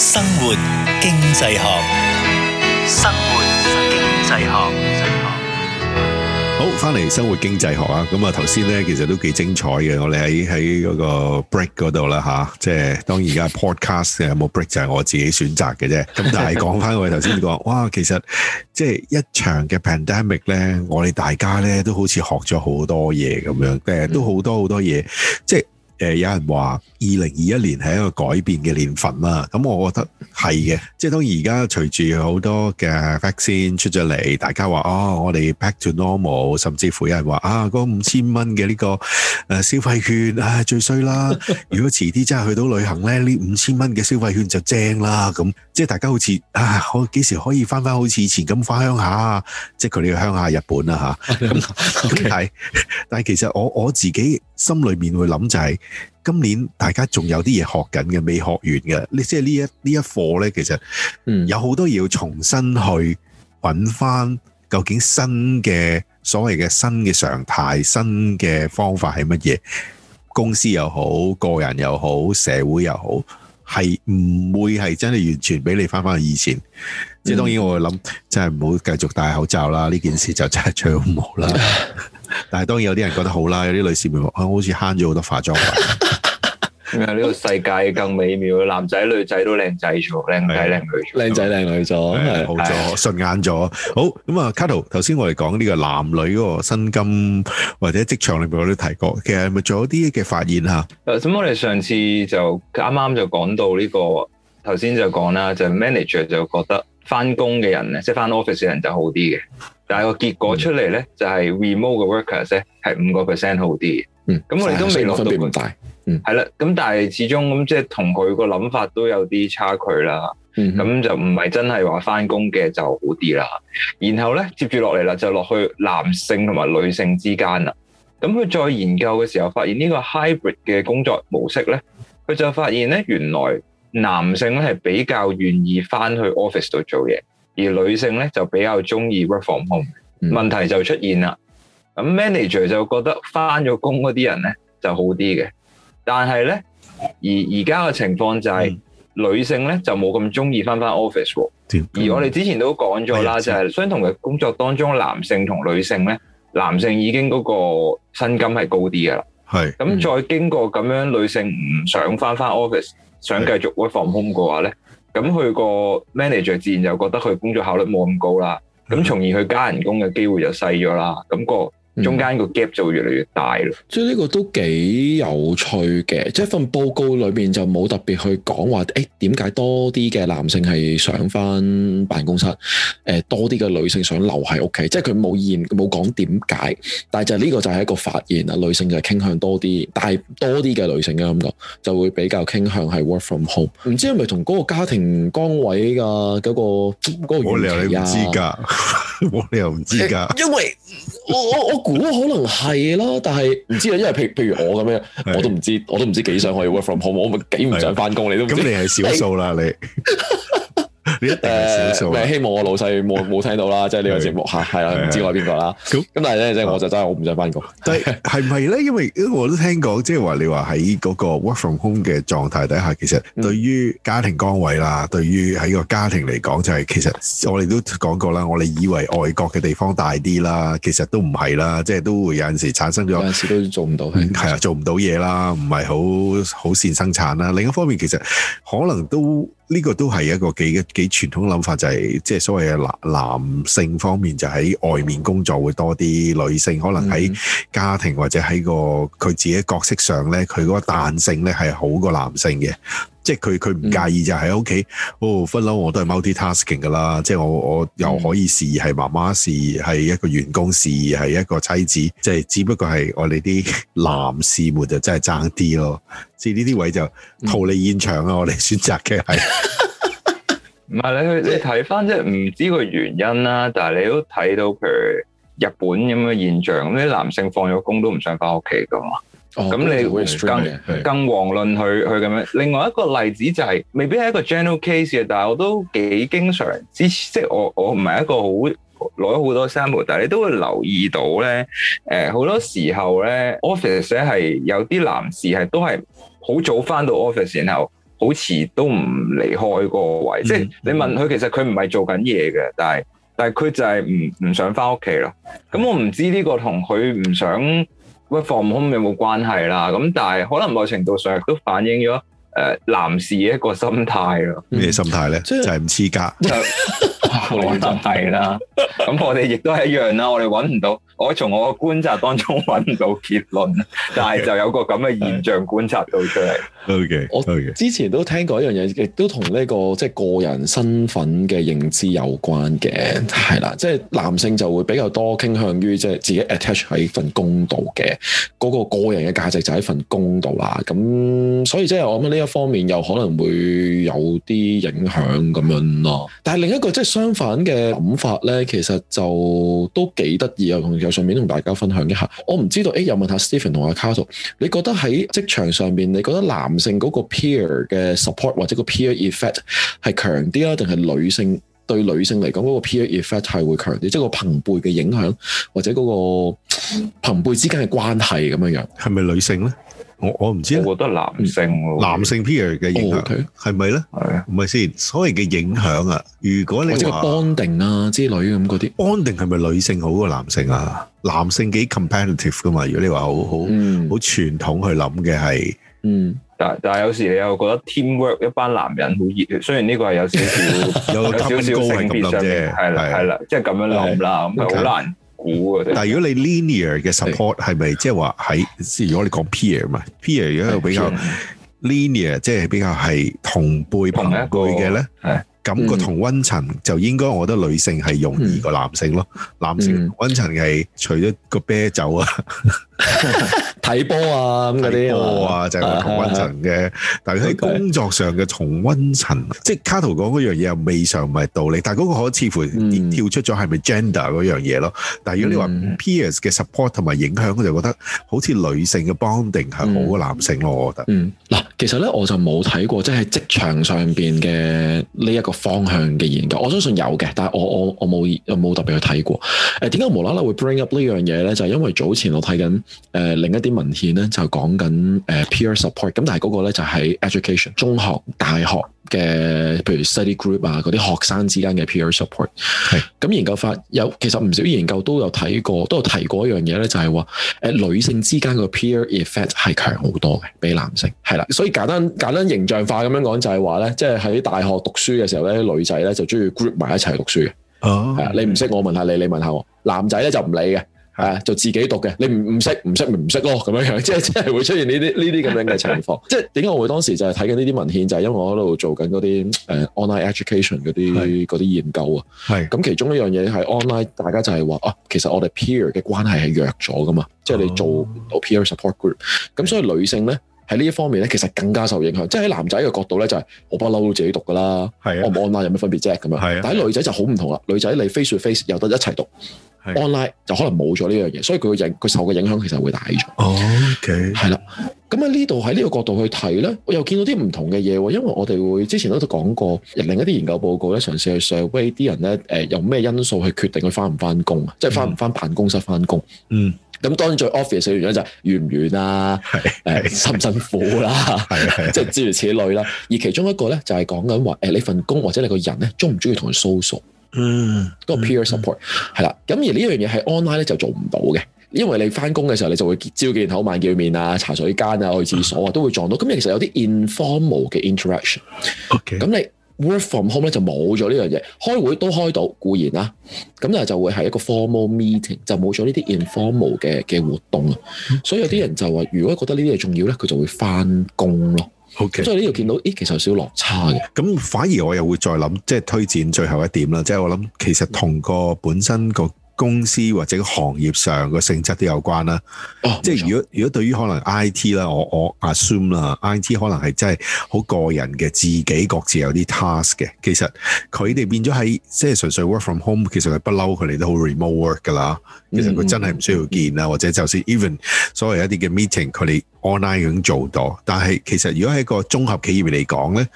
生活經濟學，生活經濟學，好翻嚟生活經濟學啊！咁啊，頭先咧其實都幾精彩嘅。我哋喺喺嗰個 break 嗰度啦吓，即係當而家 podcast 有冇 break 就係我自己選擇嘅啫。咁但係講翻我哋頭先講， 哇，其實即係一場嘅 pandemic 咧，我哋大家咧都好似學咗好多嘢咁樣，很多很多嗯、即係都好多好多嘢，即係。誒有人話二零二一年係一個改變嘅年份啦，咁我覺得係嘅，即係當然而家隨住好多嘅 vaccine 出咗嚟，大家話哦，我哋 back to normal，甚至乎有人話啊，嗰五千蚊嘅呢個消費券啊最衰啦，如果遲啲真係去到旅行咧，呢五千蚊嘅消費券就正啦，咁即係大家好似啊，我幾時可以返返好似以前咁返鄉下啊？即係佢哋嘅鄉下日本啊。吓，但係其實我我自己。心裏面會諗就係今年大家仲有啲嘢學緊嘅、未學完嘅，你即係呢一呢一課咧，其實有好多嘢要重新去揾翻，究竟新嘅所謂嘅新嘅常態、新嘅方法係乜嘢？公司又好，個人又好，社會又好，係唔會係真係完全俾你翻翻去以前。即係當然我會諗，真係唔好繼續戴口罩啦，呢件事就真係最好唔好啦。但係當然有啲人覺得好啦，有啲女士咪好似慳咗好多化妝品。呢 個世界更美妙，男仔女仔都靚仔咗，靚仔靚女，靚仔靚女咗，好咗，順、啊、眼咗。好咁啊，Cato，頭先我哋講呢個男女嗰個薪金或者職場裏邊我都提過，其實咪做有啲嘅發現吓。誒，咁我哋上次就啱啱就講到呢、這個，頭先就講啦，就是、manager 就覺得翻工嘅人咧，即係翻 office 嘅人就好啲嘅。但係個結果出嚟咧，就係 remote 嘅 workers 咧係五個 percent 好啲嗯，咁、嗯、我哋都未落到。差別唔大。嗯，係啦。咁但係始終咁即係同佢個諗法都有啲差距啦。咁、嗯、哼就唔係真係話翻工嘅就好啲啦。然後咧接住落嚟啦，就落去男性同埋女性之間啦。咁佢再研究嘅時候，發現呢個 hybrid 嘅工作模式咧，佢就發現咧，原來男性咧係比較願意翻去 office 度做嘢。而女性咧就比較中意 work from home，問題就出現啦。咁 manager 就覺得翻咗工嗰啲人咧就好啲嘅，但係咧而而家嘅情況就係女性咧就冇咁中意翻翻 office 喎。而我哋之前都講咗啦，就係相同嘅工作當中，男性同女性咧，男性已經嗰個薪金係高啲噶啦。係。咁再經過咁樣，女性唔想翻翻 office，想繼續 work from home 嘅話咧。咁佢個 manager 自然就覺得佢工作效率冇咁高啦，咁從而佢加人工嘅機會就細咗啦，咁個。嗯、中間個 gap 就會越嚟越大咯，所以呢個都幾有趣嘅。即係份報告裏面就冇特別去講話，誒點解多啲嘅男性係想返辦公室，呃、多啲嘅女性想留喺屋企。即係佢冇言，冇講點解，但係就呢個就係一個發現，女性就係傾向多啲，但係多啲嘅女性嘅感覺就會比較傾向係 work from home。唔知係咪同嗰個家庭崗位嘅、啊、嗰、嗰個、嗰個原因、啊、理由你唔知㗎、啊，冇理由唔知㗎。因為我我我。我我可能係啦，但係唔知啊，因為譬譬如我咁樣的我，我都唔知，我都唔知幾想可以 work from home，我咪幾唔想返工，的你都咁你係少數啦是的 你。 你一定係少數，呃、希望我老細冇冇聽到啦， 即係呢個節目嚇，係啊 對，唔知我係邊個啦。咁 但係咧，即係 我就真係 我唔想返工。但係係咪咧？因為我都聽講，即係話你話喺嗰個 work from home 嘅狀態底下，其實對於家庭崗位啦，對於喺個家庭嚟講，就是，就係其實我哋都講過啦。我哋以為外國嘅地方大啲啦，其實都唔係啦。即係都會有陣時產生咗，有陣時都做唔到，係，嗯、啊，做唔到嘢啦，唔係好好善生產啦。另一方面，其實可能都。呢個都係一個幾幾傳統諗法，就係即係所謂嘅男性方面，就喺外面工作會多啲，女性可能喺家庭或者喺個佢自己角色上呢，佢嗰個彈性呢，係好過男性嘅。即係佢佢唔介意就喺屋企，嗯、哦，分樓我都係 multi-tasking 噶啦，嗯、即係我我又可以是係媽媽，是係一個員工，是係一個妻子，即係只不過係我哋啲男士們就真係爭啲咯，即係呢啲位就逃離現場啊！嗯、我哋選擇嘅係唔係你去你睇翻即係唔知個原因啦，但係你都睇到佢日本咁嘅現象，咁啲男性放咗工都唔想翻屋企噶嘛。咁、哦、你更更遑論佢佢咁樣。另外一個例子就係、是，未必係一個 general case 嘅，但我都幾經常知，即我我唔係一個好攞好多 sample，但你都會留意到咧。呃、好多時候咧，office 咧係有啲男士係都係好早返到 office，然後好遲都唔離開個位。嗯、即你問佢，其實佢唔係做緊嘢嘅，但係但佢就係唔唔想返屋企咯。咁我唔知呢個同佢唔想。喂，防空有冇關係啦？咁但係可能某程度上都反映咗。誒男士一個心態咯，咩、嗯、心態咧？就係唔黐家，就係啦。咁像 我哋亦都係一樣啦。我哋揾唔到，我從我嘅觀察當中揾唔到結論，Okay. 但係就有個咁嘅現象觀察到出、就、嚟、是。O Okay . K，Okay. 我之前都聽過一樣嘢，亦都同呢個即係、就是、個人身份嘅認知有關嘅，係啦。即、就、係、是、男性就會比較多傾向於即係、就是、自己 attach 喺份工度嘅，嗰、那個個人嘅價值就喺份工度啦。咁所以即係我咁呢方面又可能會有啲影響咁樣咯，但係另一個即係相反嘅諗法咧，其實就都幾得意啊！同順便同大家分享一下。我唔知道，誒、欸、有問一下 Stephen 同阿 Carlo，你覺得喺職場上面，你覺得男性嗰個 peer 嘅 support 或者個 peer effect 係強啲啊，定係女性對女性嚟講嗰、嗰個 peer effect 係會強啲？即係個朋輩嘅影響或者嗰個朋輩之間嘅關係咁樣樣，係咪女性咧？我我唔知，我覺得男性男性 peer 嘅影響係咪咧？係啊，唔係先，所謂嘅影響啊，如果你話安定啦之類咁嗰啲，安定係咪女性好過男性啊？男性幾 competitive 噶嘛？如果你話好好好傳統去諗嘅係，但但係有時你又覺得 teamwork 一班男人好熱，雖然呢個係有少少有少少性別上面。係啦係啦，即係咁樣諗啦，咁好難。但係如果你 linear 嘅 support 係咪即是係話，喺即如果你講 peer 嘛是，peer 如果比較 linear，即係比較係同輩朋友嘅咧，感覺同温層就應該，我覺得女性係容易過男性咯。男性温層係除咗個啤酒啊、睇波啊咁嗰啲，波啊就係同温層嘅。但係喺工作上嘅同温層，即卡圖講嗰樣嘢又未嘗唔係道理。但係嗰個可似乎跳出咗係咪 gender 嗰樣嘢咯？但係如果你話 peers 嘅 support 同埋影響，我就覺得好似女性嘅 bonding 係好過男性咯。我覺得，嗯，嗱，其實咧我就冇睇過，即係職場上面嘅呢一個。方向嘅研究，我相信有嘅，但係我我我冇冇特別去睇過。誒，點解無啦啦會 bring up 這樣呢樣嘢咧？就係、是、因為早前我睇緊、呃、另一啲文獻咧，就講緊、呃、peer support。咁但係嗰個咧就係、是、education，中學大學嘅譬如 study group 啊，嗰啲學生之間嘅 peer support。咁是研究法有其實唔少研究都有睇過，都有提過一樣嘢咧，就係、是、話、呃、女性之間個 peer effect 係強好多嘅，比男性係啦。所以簡單簡單形象化咁樣講，就係話咧，即係喺大學讀書嘅時候。女仔咧就中意 group 埋一齊讀書嘅，啊、哦，的你唔識我問下你，你問下我。男仔咧就唔理嘅，啊，就自己讀嘅。你唔唔識唔識咪唔識咯，咁樣樣，即係即係會出現呢啲呢啲咁樣嘅情況。 即係點解我會當時就係睇緊呢啲文獻，就係、是、因為我喺度做緊嗰啲 online education 嗰啲嗰啲研究啊。咁的，其中一樣嘢係 online，大家就係話啊，其實我哋 peer 嘅關係係弱咗噶嘛。哦、即係你做 peer support group，咁所以女性咧。喺呢一方面咧，其實更加受影響。即係喺男仔嘅角度咧，就係我不嬲都自己讀噶啦，係啊 online 有咩分別啫咁樣。的但係女仔就好唔同啦，女仔你 face to face 又得一齊讀，online 的就可能冇咗呢樣嘢，所以佢影佢受嘅影響其實會大咗、哦。OK，係啦。咁喺呢度喺呢個角度去睇咧，我又見到啲唔同嘅嘢喎。因為我哋會之前都度講過，另一啲研究報告咧，嘗試去 survey 啲人咧，誒由咩因素去決定佢翻唔翻工啊？嗯、即係翻唔翻辦公室翻工？嗯。咁當然最 office 嘅原因就係遠唔遠啦，誒辛唔辛苦啦、啊，即係諸如此類啦、啊。而其中一個咧就係講緊話，你份工或者你個人咧中唔中意同佢 s o social，嗯，嗰個 peer support 係啦。咁、嗯、的而呢樣嘢係 online 咧就做唔到嘅，因為你返工嘅時候你就會朝見口晚見面啊，茶水間啊，去廁所啊都會撞到。咁、嗯、其實有啲 informal 嘅 interaction，咁 Okay 你。Work from home 咧就冇咗呢樣嘢，開會都開到固然啦，咁但係就會係一個 formal meeting，就冇咗呢啲 informal 嘅嘅活動，Okay. 所以有啲人就話，如果覺得呢啲嘢重要咧，佢就會翻工咯。咁 Okay. 所以呢度見到，咦，其實有少少落差嘅。咁反而我又會再諗，即係推薦最後一點啦，即係我諗其實同個本身個。公司或者行業上嘅性質都有關啦，哦、即係如果錯如果對於可能 I T 啦，我我 assume 啦，I T 可能係真係好個人嘅自己各自有啲 task 嘅。其實佢哋變咗喺即係純粹 work from home，其實係不嬲佢哋都好 remote work 㗎啦。其實佢真係唔需要見啦，嗯、或者就算 even 所謂一啲嘅 meeting，佢哋 online 已經做到。但係其實如果喺個綜合企業嚟講呢，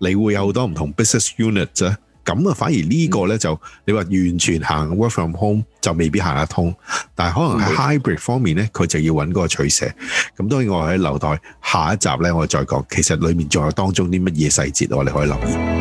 你會有好多唔同 business unit。咁啊，反而呢個呢，就你話完全行 work from home 就未必行得通，但係可能喺 hybrid 方面呢，佢就要揾嗰個取捨。咁當然我喺留待下一集呢，我再講，其實裏面仲有當中啲乜嘢細節，我哋可以留意。